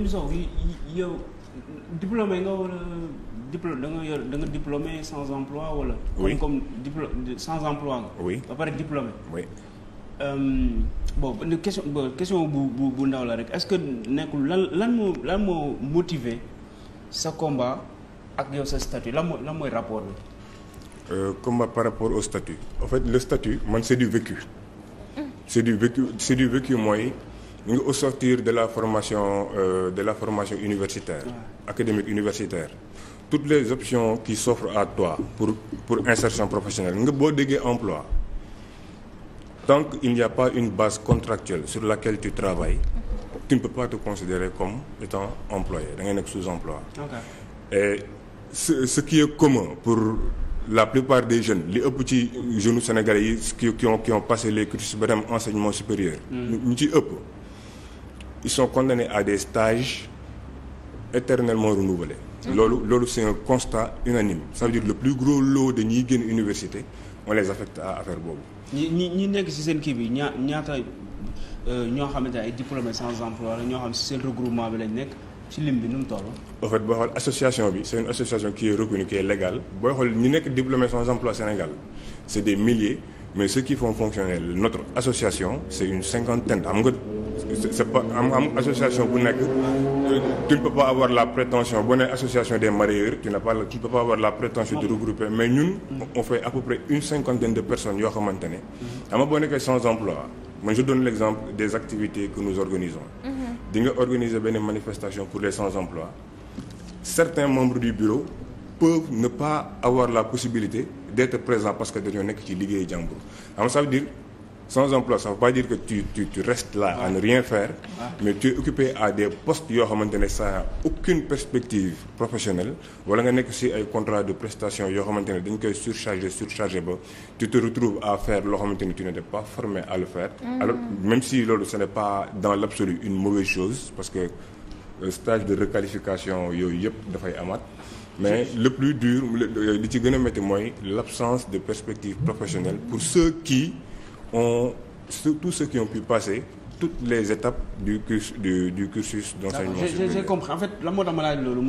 émission bi yow diplômé nga wala diplôme da nga yor da nga sans emploi wala. oui comme diplôme sans emploi nga. oui ba pare diplômé. oui. bon question question bu bu ndaw la rek est-ce que nekkul lan lan moo lan moo motiver sa combat ak yow sa statut lan mooy lan mooy rapport bi. Euh, combat par rapport au statut. en fait le statut man c'est du vécu. c'est du vécu c'est du vécu mooy. nga au sortir de la formation euh, de la formation universitaire ah. académique universitaire toutes les options qui s'offrent à toi pour pour insertion professionnelle nga boo déggee emploi tant qu'il n'y a pas une base contractuelle sur laquelle tu travailles okay. Mm-hmm. tu ne peux pas te considérer comme étant employé da ngay nekk sous-emploi okay. et ce, ce qui est commun pour la plupart des jeunes li ëpp ci jeunes sénégalais yi qui ont qui ont passé les cursus ba dem enseignement supérieur mm. ñu ci ëpp ils sont condamnés à des stages éternellement renouvelés. loolu loolu se un constat unanime ça veut dire le plus gros lot de génn université on les affecte à affaire boobu. ñi ñi nekk ci seen kii bi ñaa ñaata euh, ñoo xamante ay diplômés sans emploi la ñoo xam ci seen regroupement bi lañ nekk ci lim bi nu mu toll. en fait boo xool association bi c'est une association qui est reconnue qui est légale booy xool ñi nekk diplômés sans emploi Sénégal c'est des milliers mais ceux qui font association c'est une cinquantaine xam nga. c'est pas am am association bu nekk tu ne pas avoir la prétention boo nee association des mareyeurs tu n'as pas ne pas avoir la prétention de regrouper mais ñun on fait à peu près une cinquantaine de personnes yoo xamante ne ama boo nekkee sans emploi man je donne l'exemple des activités que nous organisons mm-hmm. di nga organiser benn manifestation pour les sans emploi certains membres du bureau peuvent ne pas avoir la possibilité d'être présents parce que dañoo nekk ci liggéey jàmbur am sans emploi ça veut pas dire que tu tu là à ne rien faire mais tu es occupé à des postes yoo xamante ne ça a aucune perspective professionnelle wala nga nekk si ay contrat de prestation yoo xamante ne dañ koy surchargé surchargé ba tu te retrouves à faire loo xamante ne tu n'étais pas formé à le faire mm. alors même si loolu ce n'est pas dans l'absolu une mauvaise chose parce que euh, stage de requalification yooyu yëpp dafay amaat mais le plus dur li ci gën a métti mooy l'absence de perspective professionnelle pour ceux ont, tous ceux qui ont pu passer toutes les étapes du, cursus, du, du cursus d'enseignement supérieur. J'ai compris. En fait, la mot